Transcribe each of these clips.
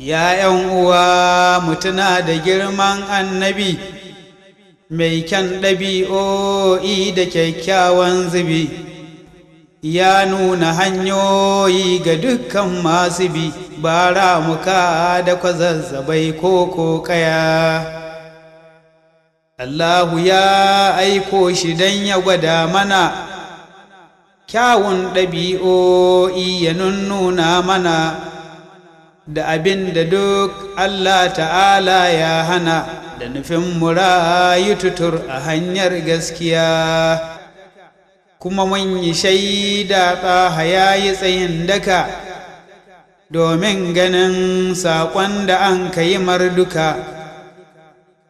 ya uwa mutuna da girman annabi mai kyan ɗabi'o'i da kyakkyawan zubi ya nuna hanyoyi ga dukkan masu bi ba ramuka da kwazazzabai ko kokaya Allahu ya aiko shi don ya gwada mana kyawun ɗabi'o'i ya nunnuna mana da abin da duk Allah ta'ala ya hana da nufin yi tutur a hanyar gaskiya kuma mun yi shaida ɗaha ya yi tsayin daka domin ganin saƙon da an ka yi marduka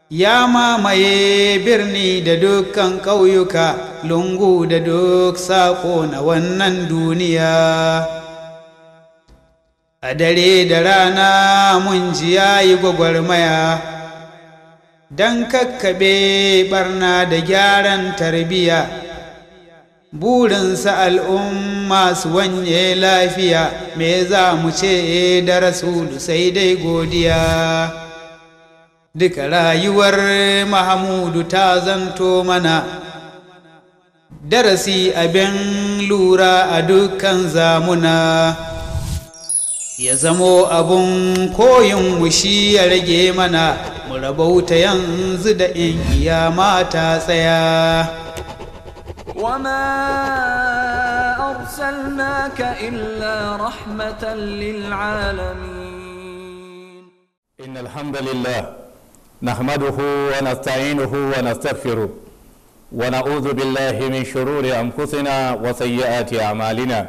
ya mamaye birni da dukkan ƙauyuka lungu da duk saƙo na wannan duniya a dare da rana mun ji ya yi gwagwarmaya don kakkaɓe barna da gyaran tarbiya. burinsa al'umma su wanye lafiya me za mu ce da rasulu sai dai godiya duka rayuwar mahamudu ta zanto mana darasi abin lura a dukkan zamuna ya zamo abun koyin mushi ya rage mana mu rabauta yanzu da in kiyama ta tsaya وما أرسلناك إلا رحمة للعالمين إن الحمد لله نحمده ونستعينه ونستغفره ونعوذ بالله من شرور أنفسنا وسيئات أعمالنا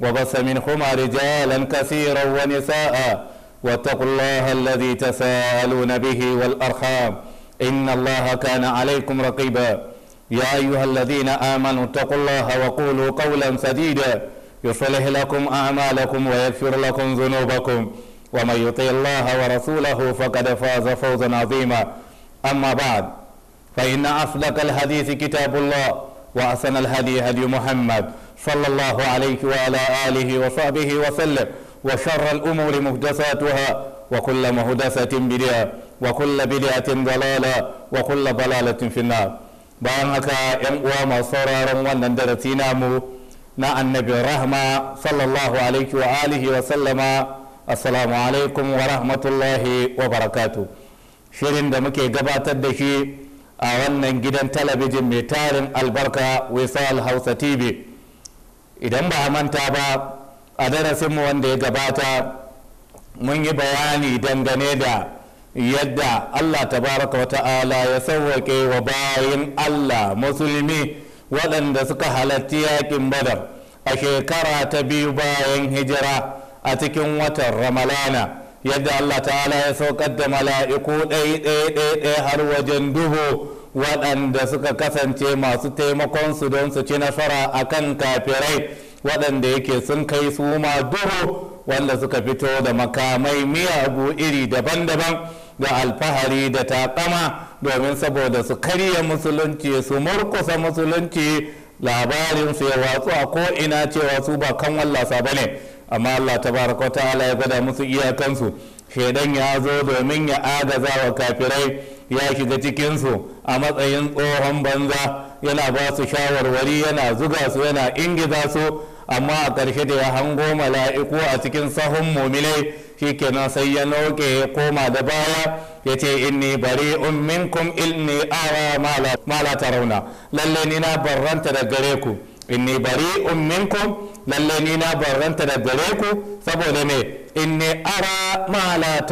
وبث منهما رجالا كثيرا ونساء واتقوا الله الذي تساءلون به والأرحام إن الله كان عليكم رقيبا يا أيها الذين آمنوا اتقوا الله وقولوا قولا سديدا يصلح لكم أعمالكم ويغفر لكم ذنوبكم ومن يطيع الله ورسوله فقد فاز فوزا عظيما أما بعد فإن أصدق الحديث كتاب الله وأحسن الهدي هدي محمد صلى الله عليه وعلى آله وصحبه وسلم وشر الأمور مهدساتها وكل مهدسة بدعة وكل بدعة ضلالة وكل ضلالة في النار bayan haka yan uwa masu sauraron wannan darasi namu na annabin rahma sallallahu alaihi wa alihi wa sallama assalamu alaikum wa rahmatullahi wa barakatu shirin da muke gabatar da shi a wannan gidan talabijin mai tarin albarka wisal hausa tv idan ba a manta ba a darasinmu wanda ya gabata mun yi bayani dangane da yadda allah tabaraka wa ta'ala ya sauwake wa bayan allah musulmi waɗanda suka halatti yaƙin badar a shekara ta biyu bayan hijira a cikin watan ramalana yadda allah ta'ala ya saukar da mala'iku ɗaya ɗaya ɗaya har wajen duhu waɗanda suka kasance masu taimakonsu don su ci nasara akan kafirai waɗanda yake sun kai su ma duhu wanda suka fito da makamai miyagu iri daban-daban da alfahari da takama domin saboda su karya musulunci su murkusa musulunci labarinsu ya watsu a ko'ina cewa su ba kan wallasa ba ne amma allah ta ta ala ya gada musu iyakansu shaidan ya zo domin ya agaza wa kafirai ya shiga cikinsu a matsayin tsohon banza yana ba su shawarwari yana zuga su yana ingiza su amma a ƙarshe da ya hango mala'iku a cikin sahun mumile shikenan sai ya nauke ya koma da baya ya ce inni bari'un minkum ilni ara ma la tarawna lalle ni na barranta da gare ku inni bari'un minkum lalle ni na barranta da gare ku saboda me inni ara ma la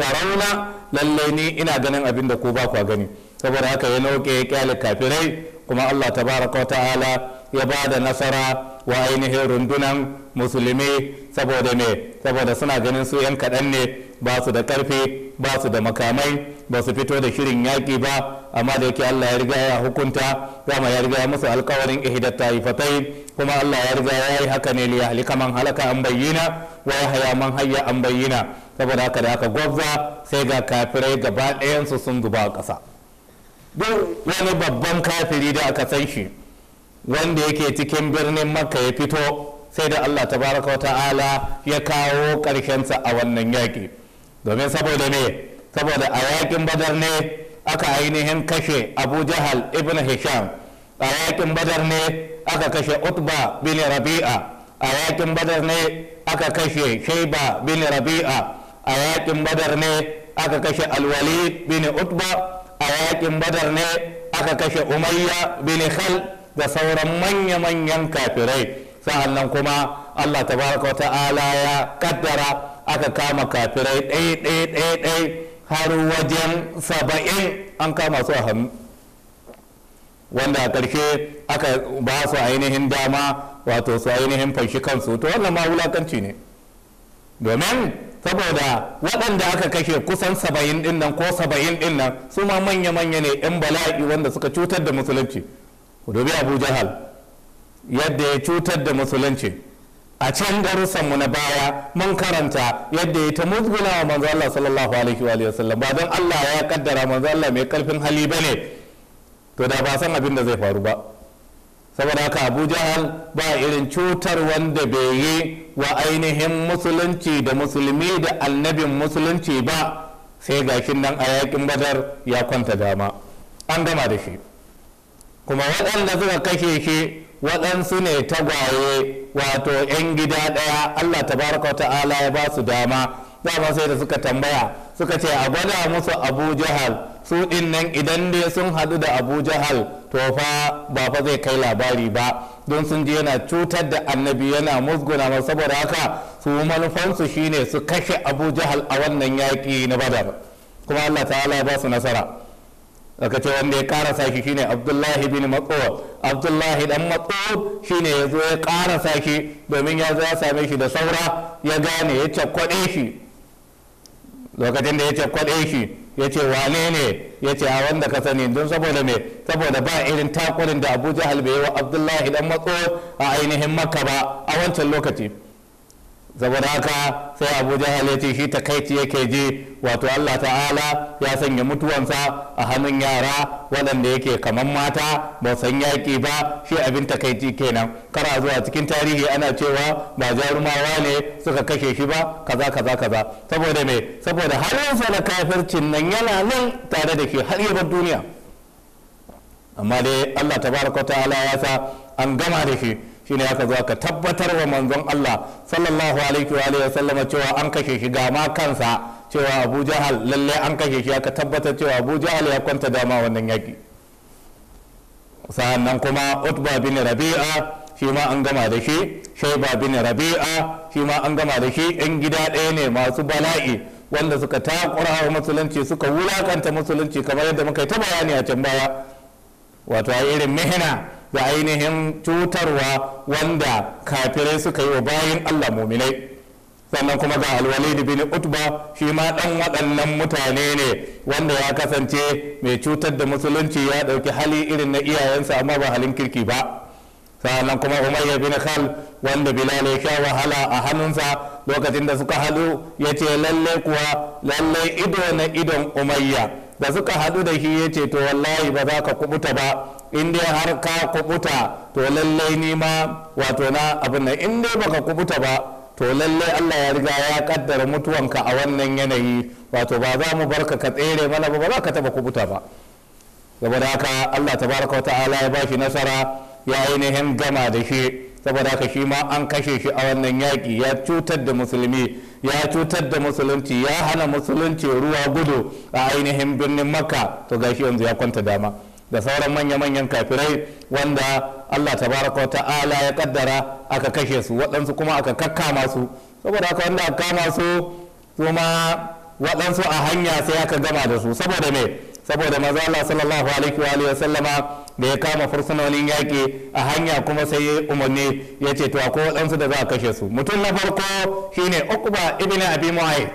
lallai ni ina ganin abin da ku ba kwa gani saboda haka ya nauke ya kyale kafirai kuma Allah baraka wa ta'ala ya ba da nasara wa ainihin rundunan musulmi saboda me saboda suna ganin su yan kaɗan ne ba su da karfi ba su da makamai ba su fito da shirin yaƙi ba amma da yake Allah ya riga ya hukunta zama ya riga ya musu alkawarin ihdat taifatai kuma Allah ya riga ya yi haka ne li halika man halaka an bayyana wa yahya man hayya an bayyana saboda haka da aka gwabza sai ga kafirai gaba ɗayan su sun zuba a ƙasa duk wani babban kafiri da aka san shi wanda yake cikin birnin makka ya fito sai da Allah tabaraka wa ta'ala ya kawo ƙarshensa a wannan yaƙi domin saboda ne saboda a yaƙin badar ne aka ainihin kashe abu jahal ibn hisham a yakin badar ne aka kashe utba bin rabi'a a yakin badar ne aka kashe shaiba bin rabi'a a yakin badar ne aka kashe alwali bin utba a yakin badar ne aka kashe umayya bin khal da sauran manya-manyan kafirai nan kuma allah tabaraka ta'ala ya kaddara aka kama kafirai ɗaya-ɗaya-ɗaya har wajen saba'in an kama su a wanda a ƙarshe aka ba su ainihin dama wato su ainihin fanshi kansu to wannan ma wulakanci ne domin saboda waɗanda aka kashe kusan saba'in ɗin nan ko saba'in ɗin nan su ma manya-manya ne 'yan bala'i wanda suka cutar da musulunci ku dubi abu jahal yadda ya cutar da musulunci a can mu na baya mun karanta yadda ya ta musguna wa manzo Allah sallallahu alaihi wa sallam ba don Allah ya kaddara manzo Allah mai karfin hali bane to da ba san abin da zai faru ba saboda haka abu jahal ba irin cutar wanda bai yi wa ainihin musulunci da musulmi da annabin musulunci ba sai gashin nan a yakin badar ya kwanta dama an gama da shi kuma waɗanda suka kashe shi waɗansu ne tagwaye wato 'yan gida ɗaya allah ta ta'ala ya ba su dama dama sai da suka tambaya suka ce a gwada musu abu jahal su din nan idan dai sun haɗu da abu jahal to fa ba fa zai kai labari ba don sun ji yana cutar da annabi yana musguna masa saboda haka su manufansu shine su kashe abu jahal a wannan yaƙi na badar kuma allah ta'ala ba su nasara aka ce wanda ya karasa shi shine abdullahi bin matsawar abdullahi dan matsawar shine ya ya karasa shi domin ya zo ya same shi da saura ya gane ya cakwaɗe shi lokacin da ya ce kwaɗe shi ya ce wane ne ya ce a wanda ka sani don saboda me saboda ba irin takurin da abuja jahal wa abdullahi dan matso a ainihin makka ba a wancan lokaci saboda haka sai abu jahal ya ce shi takaici yake je wato allah ta'ala ya sanya mutuwansa a hannun yara waɗanda yake kamar mata ba san yaƙi ba shi abin takaici kenan kara zuwa cikin tarihi ana cewa ba jarumawa ne suka kashe shi ba kaza kaza kaza saboda me saboda halinsa na kafircin nan yana nan tare da shi har yabar duniya amma dai allah tabaraka ta'ala ya sa an gama da shi shine aka zo ka tabbatar wa manzon Allah sallallahu alaihi wa sallama cewa an kashe shi ga ma kansa cewa Abu Jahal lalle an kashe shi aka tabbatar cewa Abu Jahal ya kwanta dama wannan yaki sanan kuma Utba bin Rabi'a shi ma an gama da shi Shaiba bin Rabi'a shi ma an gama da shi yan gida ɗaya ne masu bala'i wanda suka takura musulunci suka wulakanta musulunci kamar yadda muka yi ta bayani a can baya wato a irin mihina da ainihin cutarwa wanda kafirai suka yi wa bayan allah muminai sannan kuma ga alwalid bin utba shi ma dan waɗannan mutane ne wanda ya kasance mai cutar da musulunci ya ɗauki hali irin na iyayensa amma ba halin kirki ba sannan kuma umar ya bin khal wanda bilal ya sha wahala a hannunsa lokacin da suka halu ya ce lalle kuwa lalle ido na idon umayya da suka haɗu da shi ya ce to wallahi ba za ka kubuta ba in dai har ka kubuta to lallai ni ma wato na abin nan in dai baka kubuta ba to lallai Allah ya riga ya kaddara mutuwanka a wannan yanayi wato ba za mu barka ka tsere mana ba ba za ka taba kubuta ba saboda haka Allah tabaraka wa ta'ala ya shi nasara ya ainihin gama da shi saboda haka shi ma an kashe shi a wannan yaƙi ya cutar da musulmi ya cutar da musulunci ya hana musulunci ruwa gudu a ainihin birnin makka to gashi yanzu ya kwanta dama da sauran manya-manyan kafirai wanda allah tabaraka wa ta'ala ya kaddara aka kashe su waɗansu kuma aka kakkama su saboda haka wanda aka kama su kuma waɗansu a hanya sai aka gama da su saboda me saboda maza allah sallallahu alaihi wa sallama da ya kama fursunonin yaƙi a hanya kuma sai ya umarni ya ce to akwai waɗansu da za a kashe su mutum na farko shine ukuba ibn abi mu'ayyid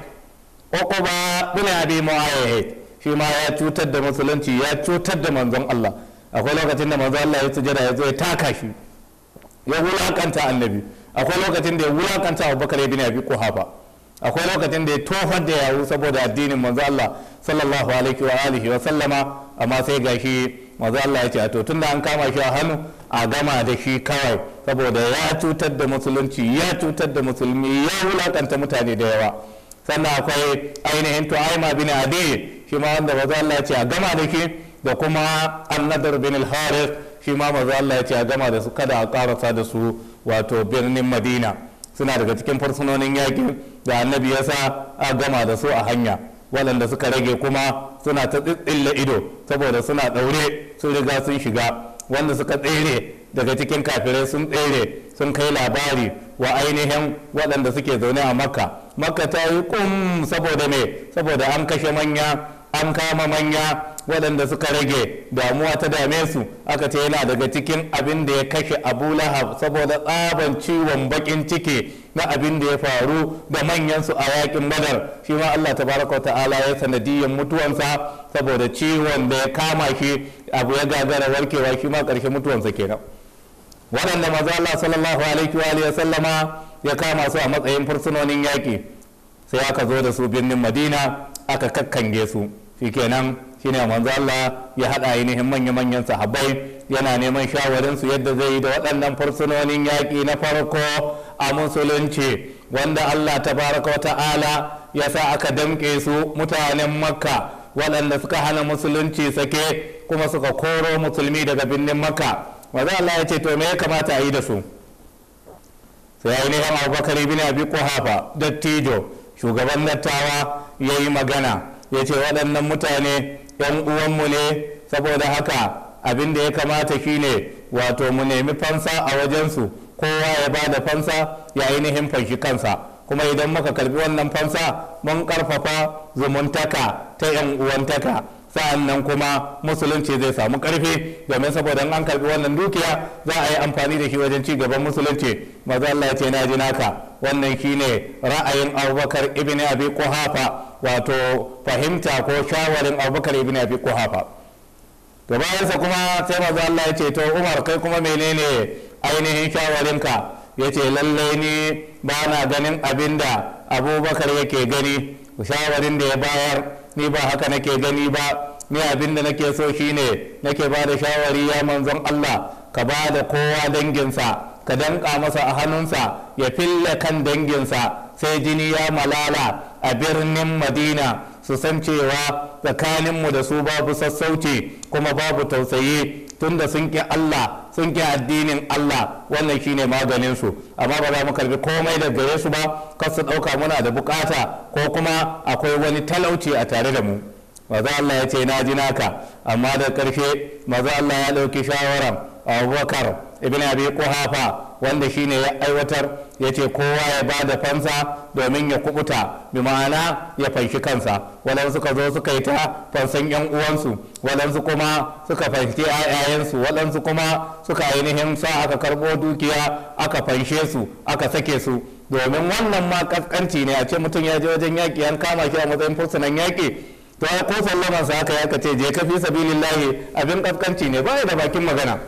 ukuba ibn abi mu'ayyid shi ma ya cutar da musulunci ya cutar da manzon Allah akwai lokacin da manzon Allah ya sujada ya zo ya taka shi ya wulakanta annabi akwai lokacin da ya wulakanta Abubakar ibn abi kuhafa akwai lokacin da ya tofar da yawu saboda addinin manzon Allah sallallahu alaihi wa alihi wa sallama amma sai gashi mazu Allah ya ce to tunda an kama shi a hannu a gama da shi kawai saboda ya cutar da musulunci ya cutar da musulmi ya wulakanta mutane da yawa sannan akwai ainihin tu'aima bin adi shi ma wanda mazu Allah ya ce a gama da shi da kuma annadar bin al-harith shi ma mazu Allah ya ce a gama da su kada a karasa da su wato birnin madina suna daga cikin fursunonin yakin da annabi ya sa a gama da su a hanya waɗanda suka rage kuma suna ta tsitsilla ido saboda suna ɗaure sun riga sun shiga wanda suka tsere daga cikin kafirai sun tsere sun kai labari wa ainihin waɗanda suke zaune a makka makka ta yi kum saboda ne saboda an kashe manya an kama manya waɗanda suka rage damuwa ta dame su aka ce yana daga cikin abin da ya kashe abu lahab saboda tsaban ciwon bakin ciki na abin da ya faru da manyansu a yakin badar shi ma allah tabaraka wa ta'ala ya sanadiyyar mutuwansa saboda ciwon da ya kama shi abu ya gagara warkewa shi ma ƙarshe mutuwansa kenan waɗanda maza allah sallallahu alaihi wa sallama ya kama su a matsayin fursunonin yaƙi sai aka zo da su birnin madina aka kakkange su shikenan shine manzo Allah ya hada ainihin manya manyan sahabbai yana neman shawarin su yadda zai yi da waɗannan fursunonin yaƙi na farko a musulunci wanda Allah ta baraka ta'ala ya sa aka damƙe su mutanen makka waɗanda suka hana musulunci sake kuma suka koro musulmi daga birnin makka manzo Allah ya ce to me ya kamata a yi da su sai ainihin abubakar ibn abi hafa dattijo shugaban dattawa ya yi magana ya ce waɗannan mutane yan uwanmu ne saboda haka abin da ya kamata shine wato mu nemi fansa a wajensu kowa ya ba da fansa ya ainihin fanshi kansa kuma idan muka karbi wannan fansa mun karfafa zumuntaka ta yan uwantaka sa'an nan kuma musulunci zai samu karfi domin saboda an karbi wannan dukiya za a yi amfani da shi wajen ci gaban musulunci maza Allah ce na ji naka wannan shine ra'ayin abubakar ibn abi kuhafa wato fahimta ko shawarin abubakar ibn abi kuhafa to sa kuma sai maza Allah ya ce to umar kai kuma menene ainihin shawarinka ya ce lallai ni ba na ganin abinda abubakar yake gani shawarin da ya bayar ni ba haka nake gani ba ni abin da nake so shine nake ba da shawari ya manzon Allah ka ba da kowa danginsa ka danka masa a hannunsa ya fille kan danginsa sai jini ya malala a birnin madina su san cewa tsakaninmu da su babu sassauci kuma babu tausayi tunda sun ki Allah sun addinin Allah wannan shine maganin su amma ba za mu karbi komai da gare su ba kar su dauka muna da bukata ko kuma akwai wani talauci a tare da mu maza Allah ya ce na ji naka amma da karshe maza Allah ya dauki shawarar Abubakar ibn Abi kuhafa wanda shine ya aiwatar ya ce kowa ya ba da fansa domin ya kubuta bi ma'ana ya fanshi kansa waɗansu suka zo suka yi ta fansan yan uwansu waɗansu kuma suka fanshi ayayensu waɗansu kuma suka ainihin sa aka karɓo dukiya aka fanshe su aka sake su domin wannan ma kaskanci ne a ce mutum ya je wajen yaƙi an kama shi a matsayin fursunan yaƙi to ko sallama sa aka yaka ce je ka fi sabilillahi abin kaskanci ne ba da bakin magana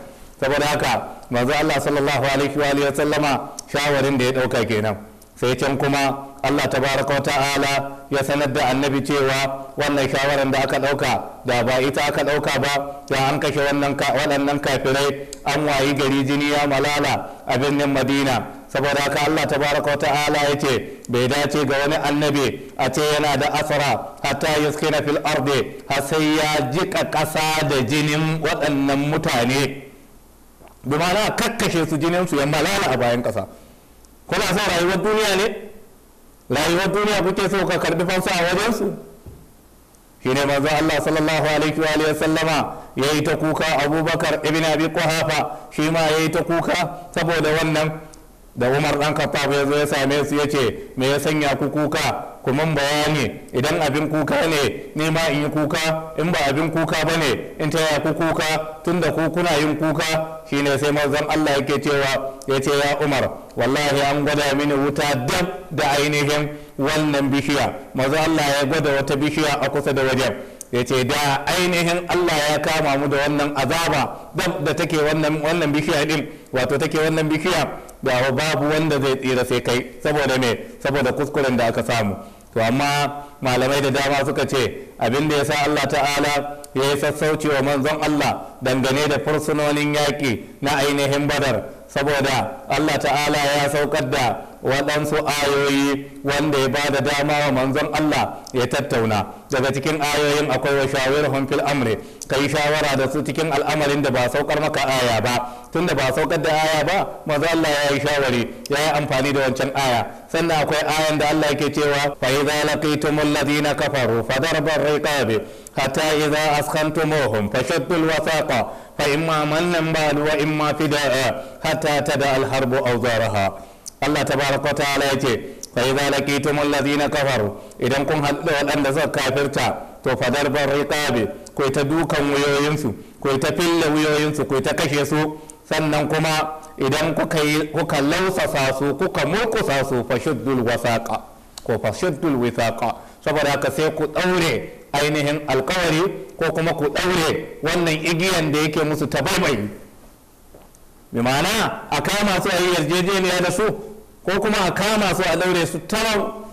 saboda haka manzo Allah sallallahu alaihi wa alihi sallama shawarin da ya dauka kenan sai can kuma Allah tabaraka ta'ala ya sanar da annabi cewa wannan shawaran da aka dauka da ba ita aka dauka ba da an kashe wannan waɗannan kafirai an wayi gari jini ya malala a birnin Madina saboda haka Allah tabaraka ta'ala ya ce bai dace ga wani annabi a ce yana da asara hatta yuskina fil ardi har sai ya jika ƙasa da jinin waɗannan mutane za a kakkashe su jinin su yan lala a bayan kasa kuna son rayuwar duniya ne rayuwar duniya kuke so ka karbi fansa a wajen su shine manzo Allah sallallahu alaihi wa alihi sallama yayi ta kuka Abubakar ibn Abi kuhafa shi ma yayi ta kuka saboda wannan da umar dan kafaf ya zo ya same su ya ce me ya sanya ku kuka kuma bayani idan abin kuka ne ni ma in yi kuka in ba abin kuka ba ne in ta ku kuka tun da ku kuna yin kuka shine sai mazan allah yake cewa ya ce ya umar wallahi an gwada mini wuta dab da ainihin wannan bishiya maza allah ya gwada wata bishiya a kusa da wajen ya ce da ainihin Allah ya kama mu da wannan azaba dab da take wannan bishiya din wato take wannan bishiya dawo babu wanda zai tsira sai kai saboda me saboda kuskuren da aka samu to amma malamai da dama suka ce abin da ya sa Allah ta'ala ya yi sassauci wa manzon Allah dangane da fursunonin yaƙi na ainihin badar saboda Allah ta'ala ya saukar da waɗansu ayoyi wanda ya ba da dama wa manzon Allah ya tattauna daga cikin ayoyin akwai wa shawirhum fil amri ka yi shawara da su cikin al'amarin da ba saukar maka aya ba tun da ba saukar da aya ba manzo Allah ya yi shawari ya yi amfani da wancan aya sannan akwai ayan da Allah yake cewa fa idza laqitumul ladina kafaru fadarbar riqabi hatta idza askhantumuhum fashaddul wasaqa fa imma mannan ba'd wa imma fida'a hatta tada al harbu awzaraha Allah tabaraka ta ta'ala yake fa idza laqitum alladhina kafaru idan kun haɗu da waɗanda suka kafirta to fadar ban riqabi ko ta dukan wuyoyinsu ko ta fille wuyoyinsu ko ta kashe su sannan kuma idan kuka yi kuka lausasa su kuka murkusa su fashuddul wasaqa ko fashuddul wasaqa saboda haka sai ku daure ainihin alkawari ko kuma ku daure wannan igiyan da yake musu tabarmai bi ma'ana a kama su a yi yarjejeniya da su ko kuma a kama su a daure su tamau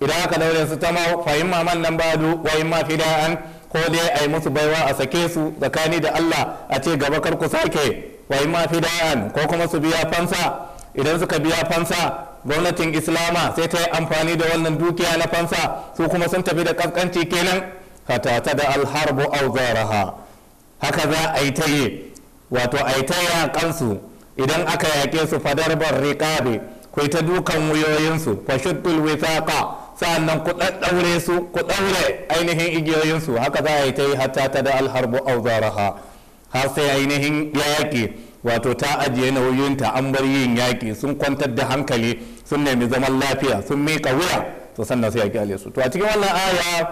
idan aka daure su tamau fahim man nan badu wayin ma fida'an ko dai a musu baiwa a sake su tsakani da Allah a ce gaba kar ku sake wayin ma fida'an ko kuma su biya fansa idan suka biya fansa gwamnatin islama sai ta yi amfani da wannan dukiya na fansa su kuma sun tafi da kaskanci kenan fata ta da alharbu auzaraha haka za a yi ta yi wato a yi ta yaƙansu idan aka yaƙe su fadar bar riƙabe kai ta dukan wuyoyinsu fa shuddul withaqa sa'annan ku su ku daure ainihin igiyoyinsu haka za a yi ta yi hatta ta da alharbu auzaraha har sai ainihin yaƙi wato ta ajiye nauyinta an bar yin yaƙi sun kwantar da hankali sun nemi zaman lafiya sun miƙa wuya to sannan sai yaƙi al'esu. to a cikin wannan aya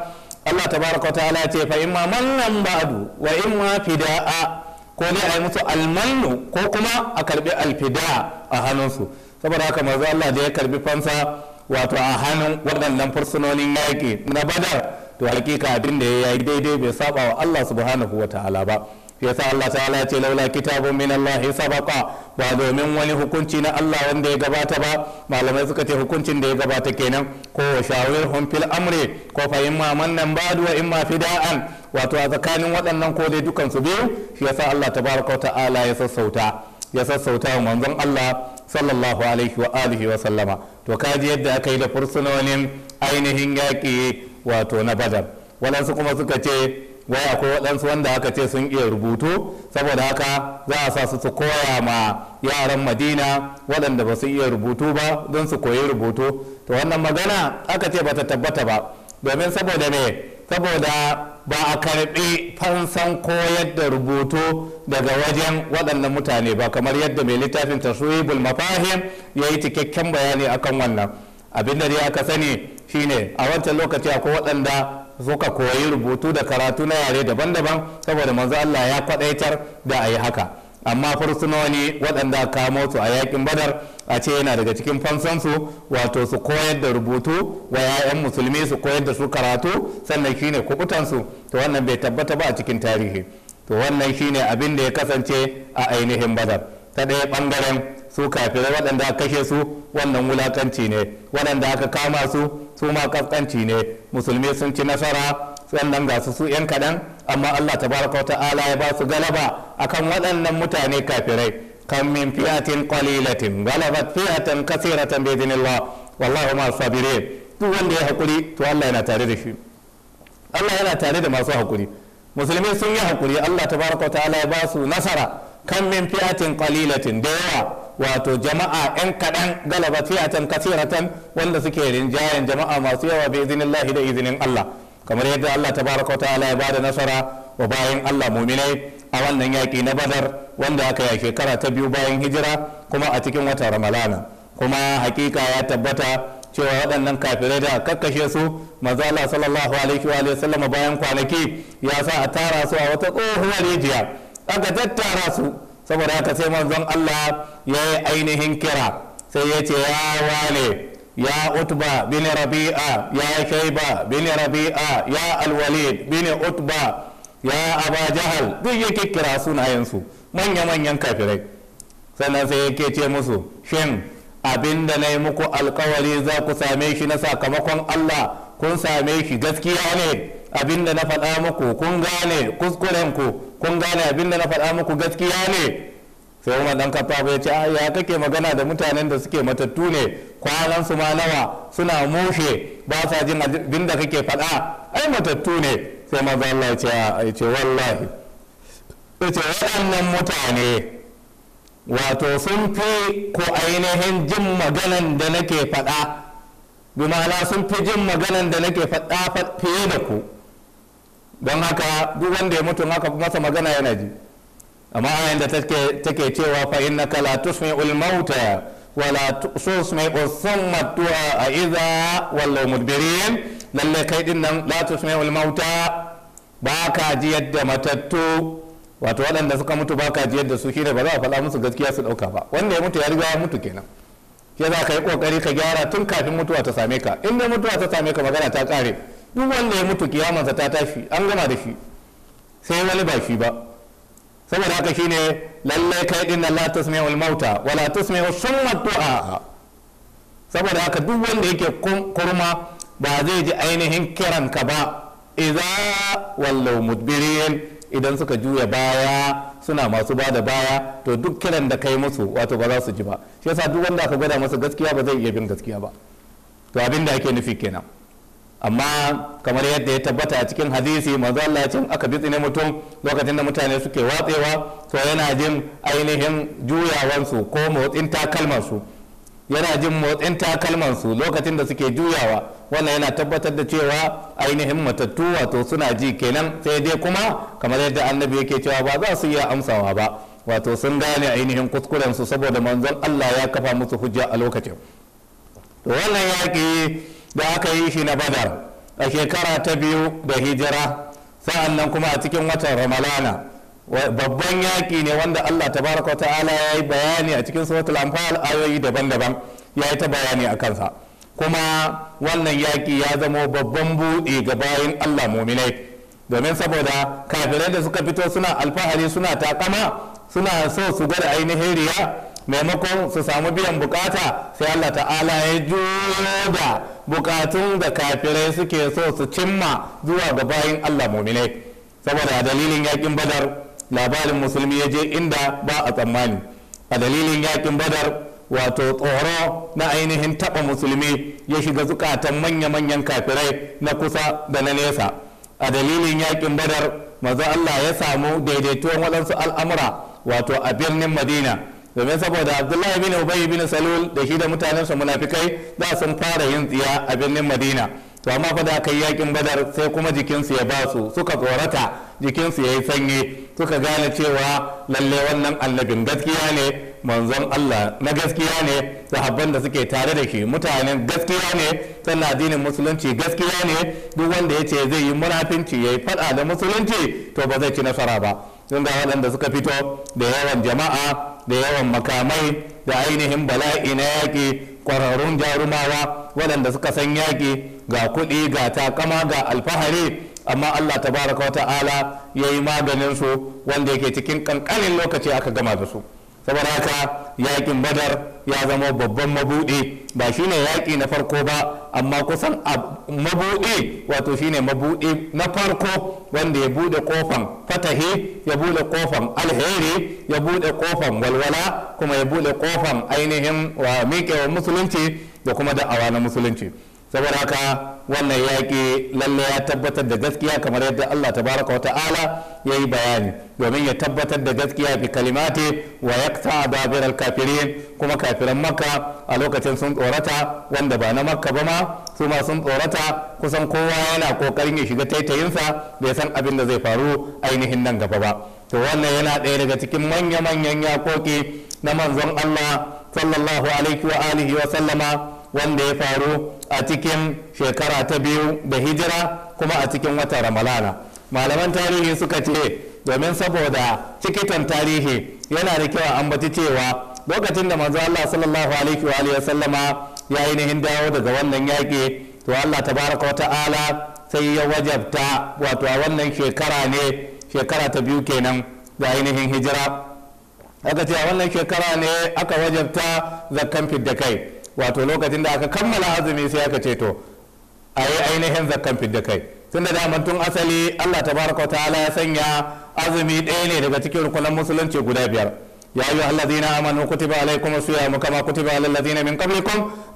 Allah ta ta'ala ce fa imma mallan ba'du wa imma fida'a ko ne a yi musu almannu ko kuma a karbi alfida a hannunsu saboda haka manzo Allah da ya karbi fansa wato a hannun waɗannan fursunonin yaƙi na badar to hakika abin da ya yi daidai bai saba wa Allah subhanahu wa ta'ala ba sa Allah ta'ala ce laula kitabun min Allah sabaqa ba domin wani hukunci na Allah wanda ya gabata ba malamai suka ce hukuncin da ya gabata kenan ko shawirhum fil amri ko fa imma mannan badu wa imma fida'an wato a tsakanin waɗannan ko dai dukan su biyu shi yasa Allah tabaraka ta'ala ya sassauta ya sassauta manzon Allah sallallahu alaihi wa alihi wa sallama to kaji yadda aka yi da fursunonin ainihin yaƙi wato na badar waɗansu kuma suka ce wai akwai waɗansu wanda aka ce sun iya rubutu saboda haka za a sa su su koya ma yaran madina waɗanda ba su iya rubutu ba don su koyi rubutu to wannan magana aka ce ba ta tabbata ba domin saboda me saboda ba a karɓi fansan koyar da rubutu daga wajen waɗannan mutane ba kamar yadda mai littafin taswibul mafahim ya yi cikakken bayani akan wannan abin da aka sani shine a wancan lokaci akwai waɗanda suka koyi rubutu da karatu na yare daban-daban saboda manzo Allah ya kwaɗaitar da a yi haka amma fursunoni waɗanda kamo su a yakin badar a ce yana daga cikin fansansu wato su koyar da rubutu wa 'ya'yan musulmi su koyar da su karatu sannan shine kubutansu to wannan bai tabbata ba a cikin tarihi to wannan shine abin da ya kasance a ainihin badar ta ɗaya ɓangaren su kafirai waɗanda aka kashe su wannan wulakanci ne waɗanda aka kama su su ma kaskanci ne musulmi sun ci nasara sannan ga su su yan kaɗan amma allah tabaraka wa ta'ala ya ba su galaba akan waɗannan mutane kafirai كم من فئة قليلة غلبت فئة كثيرة بإذن الله والله مع الصابرين duk wanda ya haƙuri to Allah yana tare da shi Allah yana tare da masu haƙuri musulmi sun yi hakuri Allah tabaraka ta'ala ya ba su nasara kan min fi'atin qalilatin da yawa wato jama'a yan kaɗan galaba fi'atan kasiratan wanda suke rinjayen jama'a masu yawa bi izinillahi da izinin Allah kamar yadda Allah ba da nasara wa bayan Allah muminai a wannan yaƙi na badar wanda aka yi a shekara ta biyu bayan hijira kuma a cikin watan ramalana kuma hakika ya tabbata cewa waɗannan kafirai da kakkashe su mazala sallallahu alaihi wa sallam bayan kwanaki ya sa a tara su a wata tsohuwar rijiya aka tattara su saboda haka sai manzon Allah ya yi ainihin kira sai ya ce ya wane ya utba bin rabi'a ya shaiba bin rabi'a ya alwalid bin utba ya aba jahal duk ya kikkira sunayensu manya-manyan kafirai sannan sai yake ce musu shin abin da na yi muku alkawari za ku same shi na sakamakon allah kun same shi gaskiya ne abin da na faɗa muku kun gane kuskuren ku kun gane abin da na faɗa muku gaskiya ne sai umar dan kafa ya ce ah, ya kake magana da mutanen da suke matattu ne kwanan su ma nawa suna mushe ba sa jin abin da kake faɗa ai matattu ne sai maza Allah ya ce ah, a ce wallahi ya ce waɗannan mutane wato sun fi ko ainihin jin maganan da nake faɗa bimala sun fi jin maganan da nake faɗa fiye da ku don haka duk wanda ya mutu haka masa magana yana ji amma ayan da take cewa fa innaka la tusmi'ul mauta wala tusmi'u summa a idza wallahu mudbirin lalle kai din nan la tusmi'ul mauta ba ka ji yadda matattu wato waɗanda suka mutu ba ka ji yadda su shine ba za a faɗa musu gaskiya su ɗauka ba wanda ya mutu ya riga ya mutu kenan ke za ka yi kokari ka gyara tun kafin mutuwa ta same ka in dai mutuwa ta same ka magana ta kare duk wanda ya mutu kiyamansa ta tashi an gama da shi sai wani ba shi ba saboda haka shine lallai kai din la tasmi'ul mauta wala tasmi'u summa du'a saboda haka duk wanda yake kurma ba zai ji ainihin kiran ka ba idan wallau mudbirin idan suka juya baya suna masu ba da baya to duk kiran da kai musu wato ba za su ji ba shi yasa duk wanda aka gwada masa gaskiya ba zai iya bin gaskiya ba to abin da ake nufi kenan amma kamar yadda ya tabbata a cikin hadisi manzo Allah cin aka bi tsine mutum lokacin da mutane suke watsewa to yana jin ainihin su ko motsin takalmansu yana jin motsin su lokacin da suke juyawa wannan yana tabbatar da cewa ainihin matattu wato suna ji kenan sai dai kuma kamar yadda annabi yake cewa ba za su iya amsawa ba wato sun gane ainihin kuskuren su saboda manzon Allah ya kafa musu hujja a lokacin to wannan yaƙi da aka yi shi na badar a shekara ta biyu da hijira sa'an nan kuma a cikin watan ramalana babban yaƙi ne wanda Allah tabaraka ta'ala ya yi bayani a cikin suratul anfal ayoyi daban-daban ya yi ta bayani a kansa kuma wannan yaƙi ya zama babban buɗe ga bayan Allah muminai domin saboda kafirai da suka fito suna alfahari suna takama suna so su gwada ainihin riya maimakon su samu biyan bukata sai Allah ta'ala ya juyo da bukatun da kafirai suke so su cimma zuwa ga bayan Allah muminai saboda dalilin yaƙin badar labarin musulmi ya je inda ba a tsammani a dalilin yaƙin badar wato tsoro na ainihin taɓa musulmi ya shiga zukatan manya-manyan kafirai na kusa da na nesa a dalilin yakin badar maza Allah ya samu daidaituwan waɗansu al'amura wato a birnin madina domin saboda abdullahi bin ubay bin salul da shi da mutanensa munafikai za sun fara yin tsiya a birnin madina to amma fa da kai yakin badar sai kuma jikinsu ya ba su suka tsorata jikinsu ya yi sanyi suka gane cewa lalle wannan annabin gaskiya ne manzon Allah na gaskiya ne sahabban da suke tare da shi mutanen gaskiya ne san addinin musulunci gaskiya ne duk wanda ya ce zai yi munafinci yayi yi faɗa da musulunci to ba zai ci nasara ba sun ga waɗanda suka fito da yawan jama'a da yawan makamai da ainihin bala'i na yaƙi kwararrun jarumawa waɗanda suka san yaƙi ga kuɗi ga takama ga alfahari amma Allah tabaraka wa ta'ala ya maganin su wanda yake cikin kankanin lokaci aka gama da su saboda haka yakin badar ya zama babban mabuɗe ba shine yaƙi na farko ba amma kusan mabuɗe wato shine mabuɗe na farko wanda ya buɗe kofan fatahi ya buɗe kofan alheri ya buɗe kofan walwala kuma ya buɗe kofan ainihin wa miƙewa musulunci da kuma da'awa na musulunci saboda haka wannan yaƙi lalle ya tabbatar da gaskiya kamar yadda Allah tabaraka wa ta'ala ya yi bayani domin ya tabbatar da gaskiya bi kalimati wa yakta babir al-kafirin kuma kafiran makka a lokacin sun tsorata wanda ba na makka ba ma su ma sun tsorata kusan kowa yana kokarin ya shiga taitayinsa bai san abin da zai faru ainihin nan gaba ba to wannan yana ɗaya daga cikin manya-manyan yakoki na manzon Allah sallallahu alaihi wa alihi wa sallama wanda ya faru a cikin shekara ta biyu da hijira kuma a cikin wata ramalana malaman tarihi suka ce domin saboda cikitan tarihi yana da kyau an ambaci cewa lokacin da manzo Allah sallallahu alaihi wa alihi sallama ya ainihin dawo daga wannan yaki to Allah tabaraka wa ta'ala sai ya wajabta wato a wannan shekara ne shekara ta biyu kenan da ainihin hijira aka ce a wannan shekara ne aka wajabta zakkan fidda kai wato lokacin da aka kammala azumi sai aka ce to a yi ainihin zakkan fidda kai tunda daman tun asali Allah ta ta'ala ya sanya azumi ɗaya ne daga cikin rukunan musulunci guda biyar ya ayyuha allazina amanu kutiba alaykum as-siyam kama kutiba alal zina min la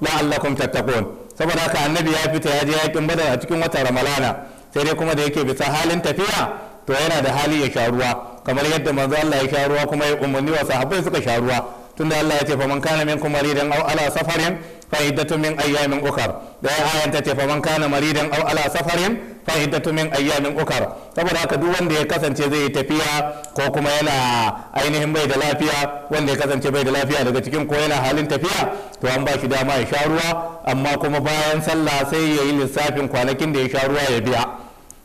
la'allakum tattaqun saboda haka annabi ya fita ya je yakin badar a cikin watan ramalana sai dai kuma da yake bisa halin tafiya to yana da hali ya sha ruwa kamar yadda manzo Allah ya sha ruwa kuma ya umarni wa sahabbai suka sha ruwa tunda Allah ya ce fa man kana minkum maridan aw ala safarin fa iddatu min ayyamin ukhra da ya ayan ta ce fa man kana maridan aw ala safarin fa iddatu min ayyamin ukhra saboda haka duk wanda ya kasance zai yi tafiya ko kuma yana ainihin bai da lafiya wanda ya kasance bai da lafiya daga cikin ko yana halin tafiya to an ba shi dama ya sha ruwa amma kuma bayan sallah sai ya yi lissafin kwanakin da ya sha ruwa ya biya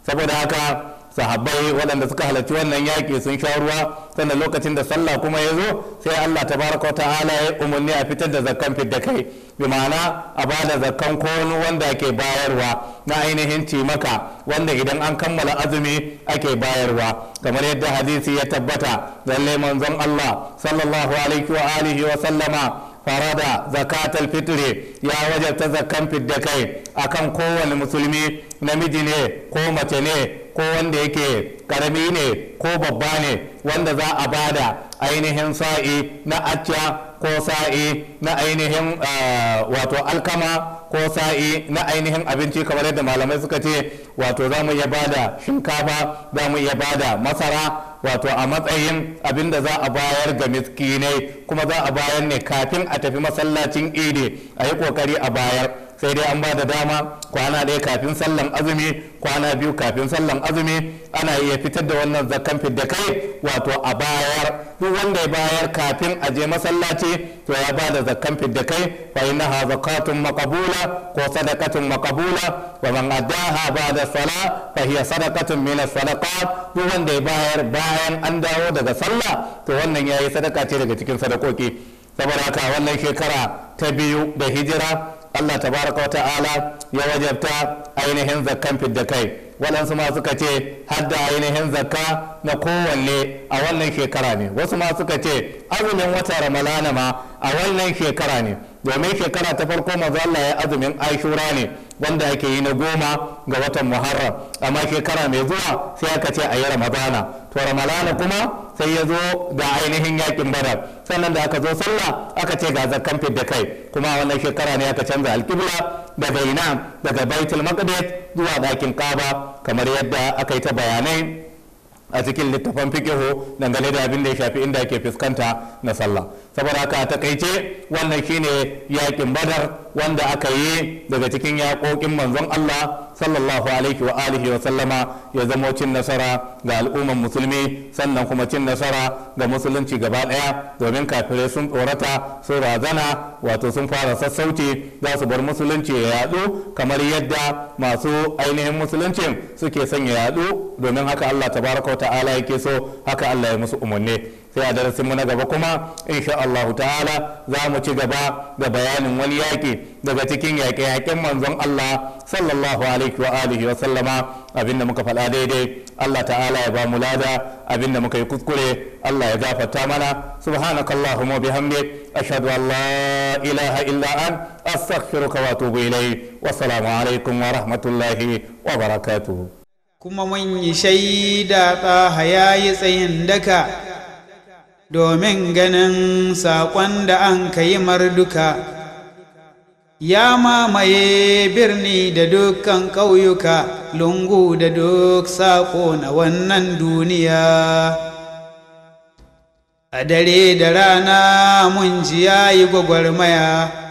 saboda haka sahabbai waɗanda suka halarci wannan yaƙi sun sha ruwa sannan lokacin da sallah kuma ya zo sai allah tabaraka wa ta'ala ya umarni a fitar da zakkan fidda kai bi ma'ana a ba da zakkan konu wanda ke bayarwa na ainihin cimaka wanda idan an kammala azumi ake bayarwa kamar yadda hadisi ya tabbata zalle manzon allah sallallahu alaihi wa alihi wa sallama farada zakatal fitri ya wajabta zakkan fidda kai akan kowane musulmi namiji ne ko mace ne ko wanda yake karami ne ko babba ne wanda za a bada ainihin sa'i na acca ko sa'i na ainihin ah, wato alkama ko sa'i na ainihin abinci kamar yadda malamai suka ce wato za mu iya bada shinkafa za mu iya bada masara wato a matsayin abin da za a bayar ga miskinai kuma za a bayar ne kafin a tafi masallacin idi a yi kokari a bayar sai dai an ba da dama kwana ɗaya kafin sallan azumi kwana biyu kafin sallan azumi ana iya fitar da wannan zakkan da kai wato a bayar duk wanda ya bayar kafin a je masallaci to ya ba da zakkan da kai fa innaha zakatun maqbula ko sadaqatun maqbula wa man addaha ba'da sala fa hiya sadaqatun min sadaqat duk wanda ya bayar bayan an dawo daga sallah to wannan yayi sadaka ce daga cikin sadakoki saboda haka wannan shekara ta biyu da hijira Allah tabaraka wa ta'ala ya wajabta ainihin zakkan fidda kai waɗansu ma suka ce hadda ainihin zakka na kowanne a wannan shekara ne wasu ma suka ce azumin wata ramalana ma a wannan shekara ne domin shekara ta farko maza Allah ya azumin Ashura ne wanda ake yi na goma ga watan Muharram amma shekara mai zuwa sai aka ce a yi Ramadana to ramalana kuma sai ya zo da ainihin yakin badar sannan da aka zo sallah aka ce ga zakkan fidda kai kuma wannan shekara ne aka canza alkibla daga ina daga baitul maqdis zuwa dakin kaba kamar yadda aka yi ta bayanai a cikin littafan fikihu dangane da abin da ya shafi inda ake fuskanta na sallah saboda haka takaice wannan shine yakin badar wanda aka yi daga cikin yakokin manzon Allah sallallahu alaihi wa alihi wa sallama ya zamo cin nasara ga al'umman musulmi sannan kuma cin nasara ga musulunci gaba daya domin kafirai sun tsorata sun razana wato sun fara sassauci za su bar musulunci ya yadu kamar yadda masu ainihin musuluncin suke sanya yadu domin haka Allah tabaraka wa ta'ala yake so haka Allah ya musu umarni sai a darasin mu na gaba kuma insha Allah ta'ala za mu ci gaba da bayanin wani yaƙi daga cikin yaƙe-yaƙen manzon Allah sallallahu alaihi wa alihi wa sallama abinda muka faɗa daidai Allah ta'ala ya ba mu lada abinda muka yi kuskure Allah ya gafarta mana subhanakallahumma bihamdik ashhadu an la ilaha illa an astaghfiruka wa atubu ilayk wa assalamu alaikum wa rahmatullahi wa barakatuh kuma mun yi shaida ta hayayi tsayin daka domin ganin saƙon da an kayi marduka ya mamaye birni da dukkan ƙauyuka lungu da duk saƙo na wannan duniya a dare da rana mun ji ya yi gwagwarmaya